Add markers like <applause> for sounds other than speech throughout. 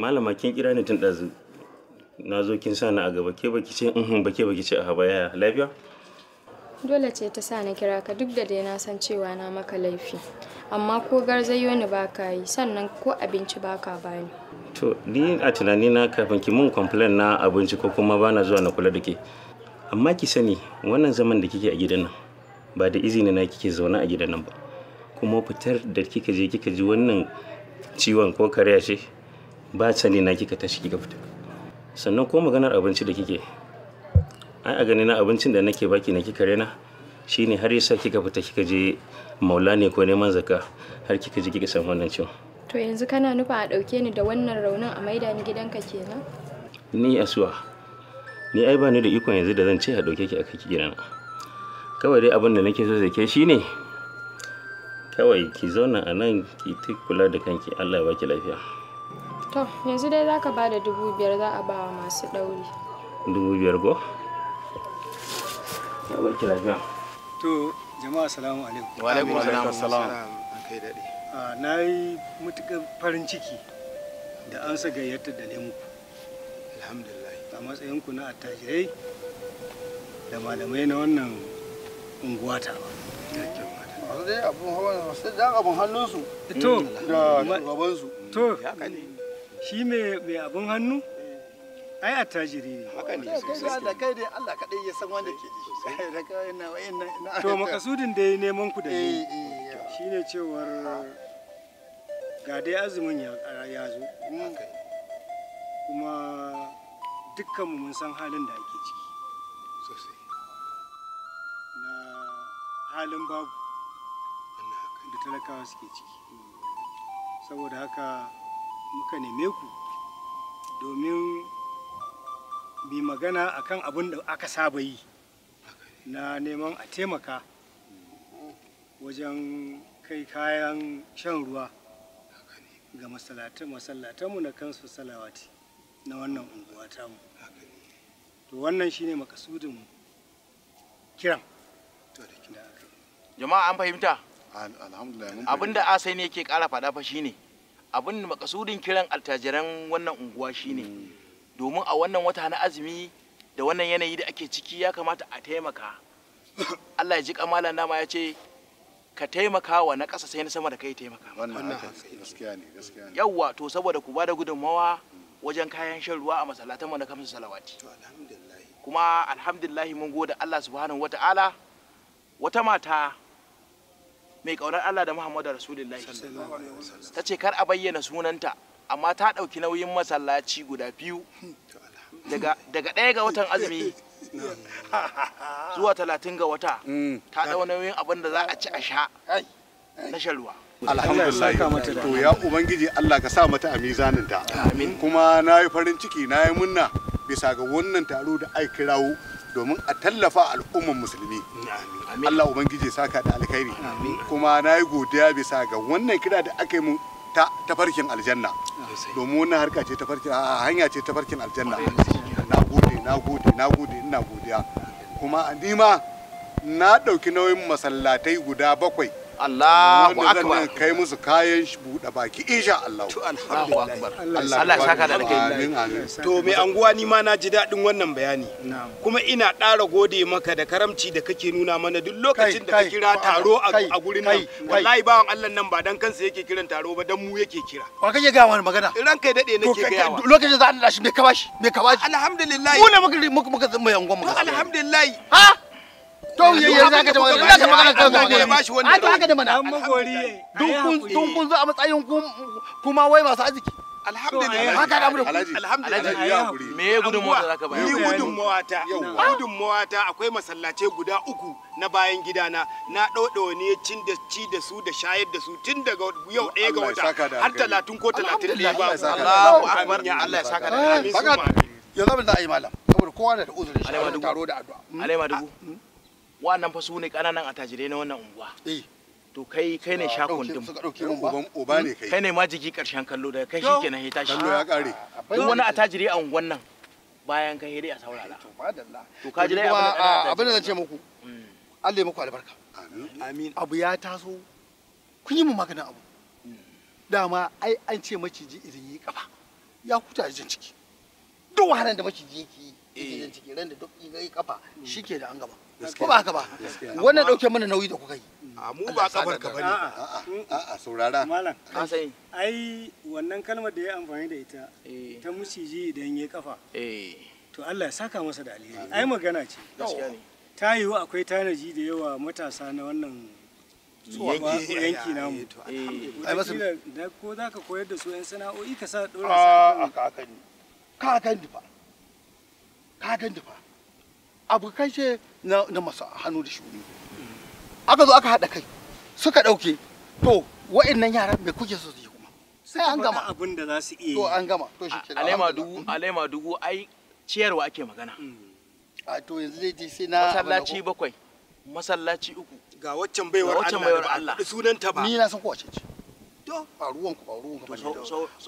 malama kin kira ni tun ɗazu na zo kin sa ni a gaba ke baki ce in uhm, ba baki ce a ba yaya lafiya dole ce ta sa na kira ka duk da dai na san cewa na maka laifi amma ko garzayo ni ba ka yi sannan ko abinci ba ka bani to ni a tunani na kafin ki mun complain na abinci ko kuma bana zuwa na kula da ke amma ki sani wannan zaman da kike a gidan nan ba da izini na kike zaune a gidan nan ba kuma fitar da kika je kika ji wannan ciwon ko kariya ce ba sani na kika tashi kika fita sannan ko maganar abinci da kike ai a gani na abincin da nake baki na kika rena shine har yasa kika fita kika je maula ne ko neman zaka har kika je kika samu wannan cin to yanzu kana nufa a ɗauke ni da wannan raunin a maida ni gidanka kenan ni asuwa ni ai ba ni da ikon yanzu da zan ce a dauke ki a gidana kawai dai abin da nake so zai ke shine kawai ki zauna a nan ki kula da kanki Allah ya baki lafiya to yanzu dai za ka ba da dubu biyar za a bawa masu ɗauri dubu biyar go? ya barki lafiya to jama'a salamu alaikum wa alaikum salam an kai daɗe ah, na yi matuƙar farin ciki da an sa gayyatar da lemu alhamdulillah a matsayinku na attajirai da malamai na wannan unguwa ta ba Wasu dai abin hawa na wasu da abin hannunsu to da shugabansu to ya shi mai abin hannu eh. ai a tajiri ne haka ne Allah kai dai Allah kadai ya san wanda ke ji da kai na wayannan to makasudin dai neman ku da ni eh, eh, shine cewar ga dai azumin ya ya zo kuma dukkan mu mun san halin da ake ciki sosai na halin babu da talakawa suke ciki saboda haka muka neme ku domin bi magana akan abin da aka saba yi na neman a taimaka wajen kai kayan shan ruwa ga masallatanmu na kansu salawati na wannan unguwa tamu to wannan shine makasudin kiran jama'a an fahimta alhamdulillah abinda asai ne yake kara fada fa shine abin da makasudin kiran altajiran wannan unguwa shine mm. domin a wannan wata na azumi da wannan yanayi da ake ciki ya kamata a taimaka <coughs> Allah ya ji kamalan nama ya ce ka taimaka wa na ƙasa sai na sama da kai taimaka wannan gaskiya ne gaskiya ne yawa to saboda ku bada gudunmawa wajen kayan shan ruwa a masallatan mu na kamsa salawati to alhamdulillah kuma alhamdulillah mun gode Allah subhanahu wataala wata mata mai ƙaunar Allah da Muhammadu Rasulullahi ta ce kar a bayyana sunanta amma ta ɗauki nauyin masallaci guda biyu daga ɗaya ga watan azumi zuwa talatin ga wata mm. ta ɗau nauyin abin da za a ci a sha na sharuwa. alhamdulillah to ya ubangiji Allah ka sa mata a mizanin ta kuma na yi farin ciki na yi munna bisa ga wannan taro da ai kirawo domin a tallafa al'umman musulmi Allah ubangiji saka da alkhairi kuma na yi godiya bisa ga wannan kira da aka yi ta tafarkin aljanna domin wannan harka ce tafarkin hanya ce tafarkin aljanna na gode na gode na gode ina godiya kuma ni ma na ɗauki nauyin masallatai guda bakwai Allahu akbar wannan kai musu kayan shi buɗe baki insha Allah Allahu akbar Allah ya saka da amin to mai anguwa ni ma na ji daɗin wannan bayani kuma ina ƙara gode maka da karamci da kake nuna mana duk lokacin da ka kira taro a gurin nan wallahi bawan Allah nan ba dan kansa yake kiran taro ba dan mu yake kira wa kake ga wani magana ran kai dade nake ga wa lokacin za a nada shi me ka bashi me ka bashi alhamdulillah mu ne muka muka muka mai anguwa muka alhamdulillah ha yi yayye za ka ta za ka magana kan ka ne a to haka da an magori dun zo a matsayin kun kuma wai masu arziki alhamdulillah haka da mu alhamdulillah me ya gudunmuwa da zaka bayar ni gudunmuwa ta gudunmuwa ta akwai masallace guda uku na bayan gidana na ɗauɗawa ne cin da ci da su da shayar da su tun daga yau ɗaya ga wata har talatin ko talatin ɗaya ba Allahu akbar ya Allah ya saka da amin yanzu abin da malam saboda kowa da uzurin shi taro da addu'a hmm? alaima ah, dubu hmm? wannan fa su ne kananan attajirai na wannan unguwa eh to kai kai ne shakon din suka dauke mun uban uba ne kai kai ne ma jiki karshen kallo da kai shikenan hita shi kallo ya kare duk wani attajiri a unguwan nan bayan kai dai a saurara to madalla to ka ji dai abin da zan ce muku mm. Allah ya muku albarka amin abu ya taso kun yi mu maganin abu mm. dama ai an ce maciji idan yi kafa ya huta jin ciki duk wahalar da maciji yake yi idan eh. ciki ran da duk yi kafa mm. shike da an gaba ko ba haka ba wannan dauke mana nauyi da kuka yi a mu ba kabar ka bane a saurara malam ka sai ai wannan kalmar da ya amfani da ita eh. ta musiji idan ya kafa eh. to Allah ya saka masa da alheri ai magana ce ta yiwu akwai tanaji da yawa matasa na wannan yanki namu eh, da ko za ka koyar da su yan sana'o'i ka sa dora sa ah, ka kan ka kan ka ka kan dufa abokai ce na, na masu hannu da shuni aka zo aka haɗa kai suka ɗauke to wa'annan yaran me kuke so su yi kuma sai an gama abin da za su iya to an gama to shi alaima dugu alaima dugu ai ciyarwa ake magana mm. a to yanzu zai je sai na masallaci bakwai masallaci uku ga waccan baiwar Allah da ta ba ni na san ko wace ce to ba ruwan ku ba ruwan ku ba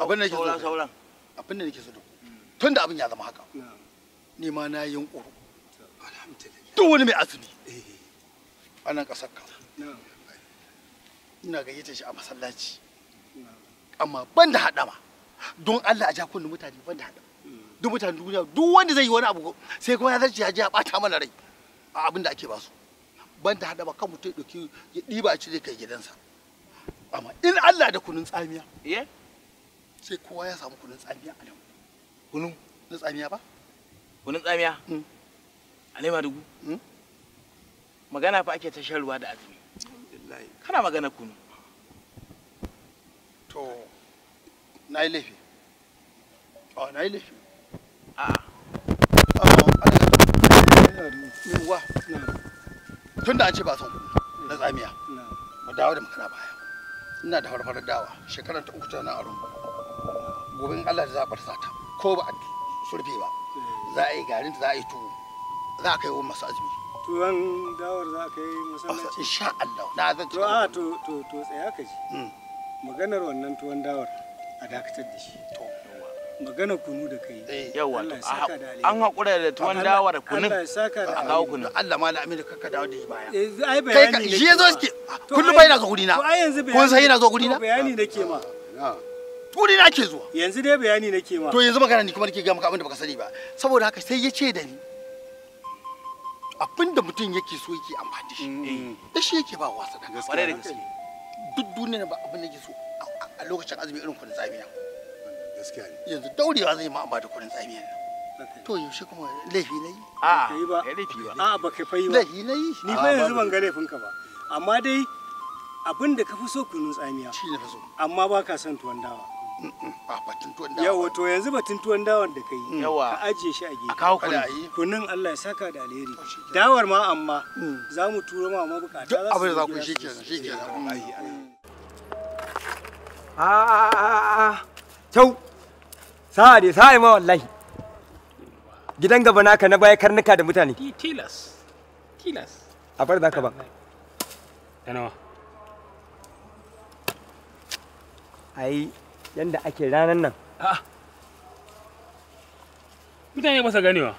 abin da nake so abin da nake so mm. tunda abin ya zama haka ni ma na yi yunkuru duk wani mai azumi eh, a nan ƙasar ka ina gayyata shi a masallaci amma ban da haɗama don Allah a jakunan mutane ban da haɗama duk mutane duniya duk wanda zai yi wani abu sai kuma ya zarce ya je ya ɓata mana rai a abin da ake su ban da haɗama kan mutum ya ɗauki ya ɗiba kai gidansa in Allah da kunun tsamiya sai kowa ya samu kunun tsamiya a nan kunun tsamiya hmm. Alema dugu. Hmm? Magana fa ake ta shan ruwa da azumi. Kana magana kunu. To, na yi laifi. Oh, na yi laifi. A. Yawa. Tun da an ce ba son na tsamiya. Mu dawo da magana baya. Ina da farfar dawa. Shekarar ta uku ta na aro. Gobe Allah da zaɓar sata. Ko ba a surfe ba. Eh. Za a yi garin za a yi tuwo. za ka yi masu azumi turan dawar za ka yi masallaci insha Allah na zan ci to a to to to tsaya ka ji hmm. maganar wannan tuwan dawar a dakatar da shi to magana kunu da kai eh, yawa an haƙura da tuwon dawar kunin a kawo kunin Allah ma da amina kakka dawo da shi baya eh, kai ka shi ya zo suke kullum bai na zo To, yanzu gurina kun sai yana zo gurina bayani nake ma turi na ke zuwa yanzu dai bayani nake ma to yanzu magana ni kuma nake ga maka abin da baka sani ba saboda haka sai ya ce da ni abin da mutum yake so yake amfani da shi mm. eh, yake ba wasa da gaskiya da duk duniya ba abin da yake so a lokacin azumi irin kuɗin tsamiya gaskiya ne yanzu daurewa zai ma amma da kuɗin tsamiya to yaushe kuma laifi na yi a ba laifi ba a ba kai fa yi ba laifi na yi ni fa yanzu ban ga ka ba amma dai abin da ka fi so kunun tsamiya shi ne fa so amma ba ka son tuwon dawa yawa to yanzu batun tuwon dawar da kai mm. yawa a ajiye shi a gefe kawo kuni kunin Allah ya saka da alheri dawar ma amma mm. za mu turo ma ma bukata duk abin da za ku shi kenan shi kenan a mm. a a ah, ah, ah, kyau sa'a dai sa'a ma wallahi gidan gaba naka na baya karnuka da mutane tilas tilas a bar zaka ba ai yanda ake ranan nan ah. mutane ba sa ganewa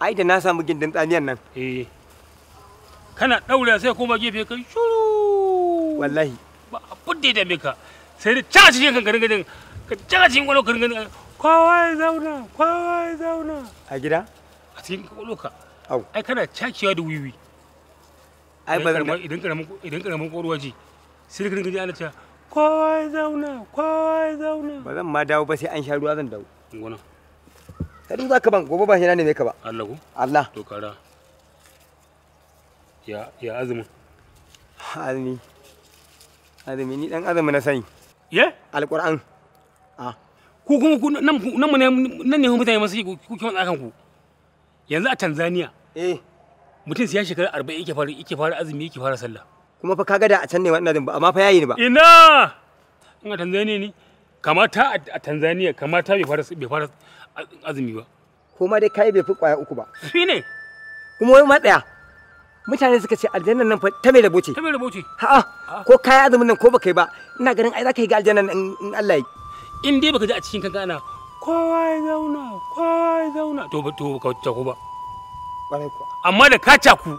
ai da na samu gindin tsamiyan nan eh kana daure sai kuma gefe kai shuru wallahi ba abin da ya ka sai da ca cikin kan garin garin ka ca cikin kwalo garin garin kowa ya zauna kowa ya zauna a gida a cikin kwalo ka au ai kana cakewa da wiwi ai ba idan karamin idan karamin kwaruwa ce sai da garin garin ana cewa kowa ya zauna kowa ya zauna ba zan ma dawo ba sai an sha ruwa zan dawo gona kadu za ka ban gobe ba shi na ne ka ba Allah ku Allah to kara ya ya azumin azumi azumi ni dan azumi na sani ye alquran a ku kuma ku nan nan ne nan ne mutane masu ku kiwon tsakan ku yanzu a Tanzania eh mutum sai ya shekara 40 yake fara yake fara azumi yake fara sallah kuma fa kaga da a can ne wannan din ba amma fa yayi ni ba ina in a Tanzania ne kamata a Tanzania kamata bai fara bai fara azumi ba kuma dai kai bai fi kwaya uku ba ne kuma wai ma daya mutane suka ce aljannan nan fa ta mai rabo ta mai rabo ce ha ko kai azumin nan ko baka yi ba ina ganin ai zaka yi ga aljannan in Allah ya in dai baka ji a cikin kanka ana kowa ya zauna kowa ya zauna to ba to ka ta ko ba amma da ka ta ku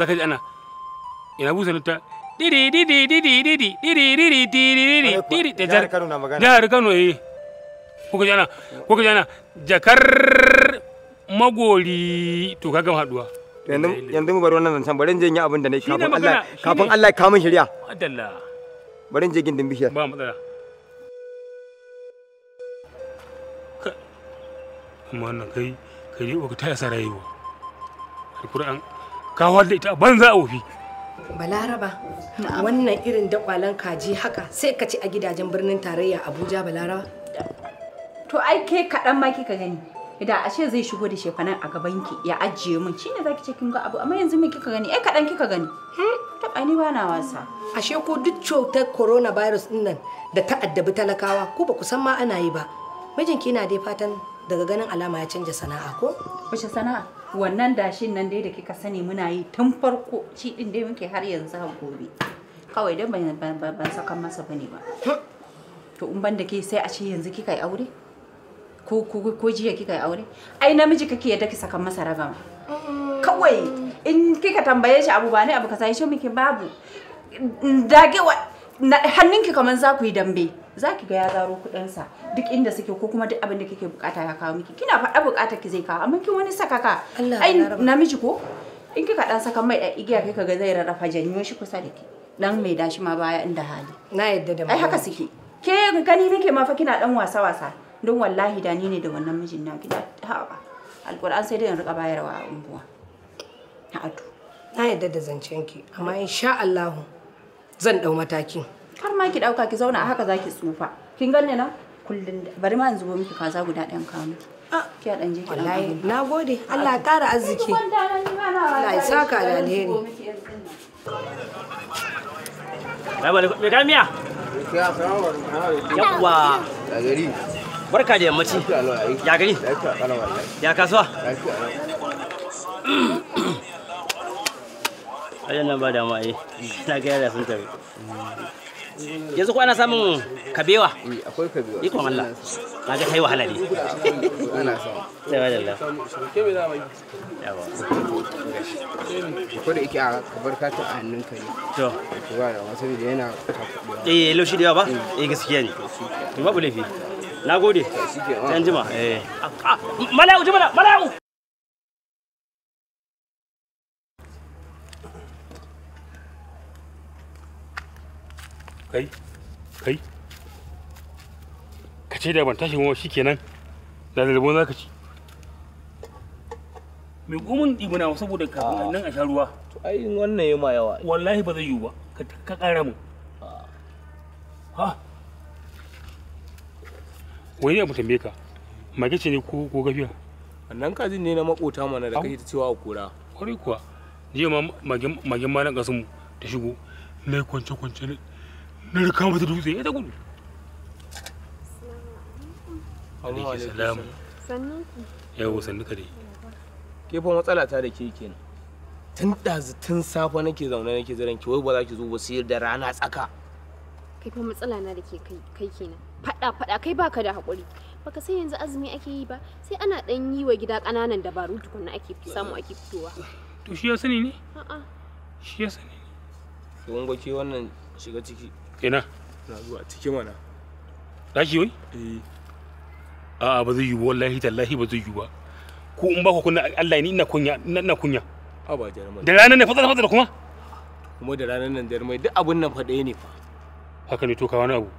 zaka ji ana ina busa ta didi didi didi didi didi didi didi didi da jar Kano na magana jihar Kano eh kuka jana kuka jana jakar magori to kaga haduwa yanzu yanzu mu bar wannan zancen bari je in yi abin da nake kafin Allah kafin Allah ya kawo shari'a adalla bari je gindin bishiyar ba matsala wannan kai kai ne ta yasa rayuwa da ita banza a wofi Balaraba, wannan irin dakwalan kaji haka sai ka ci a gidajen birnin tarayya Abuja Balaraba. To ai ke kaɗan ma kika gani. Idan ashe zai shigo da shefanan a gaban ki ya ajiye min shine zaki ce kin ga abu amma yanzu me kika gani? Eh kaɗan kika gani. Hmm? To ai ni na wasa. Ashe ko duk cutar coronavirus din nan da ta addabi talakawa ko ba ku san ma ana yi ba. Mijinki na dai fatan daga ganin alama ya canja sana'a ko? Wace sana'a? wannan dashin nan dai da kika sani muna yi tun farko shi din dai muke har yanzu har gobe kawai dai ban ban sakan masa bane ba to in ban da ke sai a ce yanzu kika yi aure ko ko ko jiya kika yi aure ai namiji kake yadda ki sakan masa ragama kawai in kika tambaye shi abu ba ne abu ka sai shi babu dage hannunki kamar za ku yi dambe za ki ga ya zaro kuɗinsa duk inda suke ko kuma duk abin da kike bukata ya kawo miki kina faɗa bukata ki zai kawo amma kin wani saka ka ai namiji ko in kika dan saka mai dan igiya kai kaga zai rarrafa janyo shi kusa da ki dan mai dashi ma baya inda hali na yadda da ai haka suke ke gani nake ma fa kina dan wasa wasa don wallahi da ni ne da wannan mijin na gida haba alquran sai dai in rika bayarwa a unguwa na yadda da zancen ki amma insha Allah zan dau mataki har ma ki dauka ki zauna a haka zaki tsufa kin ganne na kullun bari ma yanzu miki kaza guda ɗayan kawo miki ah, ki a dan je ki wallahi nagode Allah ya ƙara arziki Allah ya saka da alheri Me ka miya? gari Barka da yammaci. Ya gari? Ya kasuwa? Ayan nan ba da ma'ai. Eh. Ta gaya da sun tafi. yanzu ko ana samun kabewa eh, akwai kabewa iko Allah na ga wahala halali ana samu sai wa dalla ke me za yawa ko da yake a kabar ka ta hannun ka to to ba da wasu da yana eh laushi da yawa ba eh gaskiya ne to babu laifi gode sai an jima eh ah, ah, mala'u jima mala'u kai kai ka ce da ban tashi kuma kenan da lalbo za ka ci mai gomin ɗibina saboda kafin ah. nan a sha ruwa to ai wannan yi ma yawa wallahi ba zai yiwu ba ka ƙara mu ah. ha wani ya tambaye ka mage ce ne ko ko gafiya nan kajin ne na makota mana da kake ta cewa a kura kwarai kuwa jiya ma magin malan kasu ta shigo mai kwance kwance na rika mata dutse ya ta gudu salamu yawo sannu ka dai ke matsala ta da ke kenan tun ɗazu tun safe nake zaune nake jiran ki wai ba za ki zo ba sai da rana tsaka kai fa matsala na da ke kai kenan faɗa faɗa kai baka da haƙuri baka sai yanzu azumi ake yi ba sai ana ɗan yi wa gida ƙananan dabaru tukunna ake samu ake fitowa to shi ya sani ne a'a shi ya sani ne to wannan shiga ciki ina na zuwa ciki mana daki wai eh a'a ba zai yi wallahi tallahi ba zai yi ba ko in ba ku kunna Allah ni ina kunya ina kunya a ba jarumai da ranar ne fatsar fatsar kuma kuma da ranar nan jarumai duk abun nan fa ɗaya ne fa haka ne to ka wani abu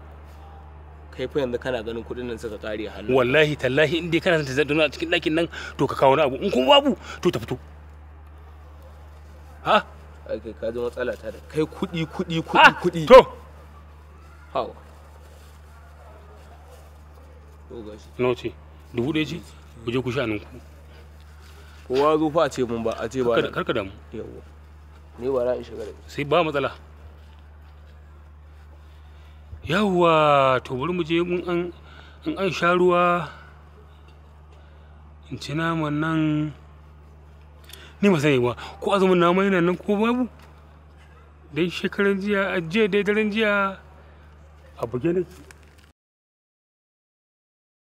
kai fa yanzu kana ganin kuɗin nan suka kare hannu wallahi tallahi in dai kana zanta ta zadduna a cikin ɗakin nan to ka kawo wani abu in kuma babu to ta fito ha kai ka ji matsala ta da kai kuɗi kuɗi kuɗi kuɗi to hau nawa ce dubu ɗaya ce ku je ku sha nan ku kowa zo fa a ce mun ba a ce ba karka damu yawa ni ba ra'ayin shiga da sai ba matsala yawwa to bari mu je mun an in an sha ruwa in ci naman nan ni ba sani ba ko azumin naman yana nan ko babu dai shekaran jiya a jiya dai daren jiya begin it.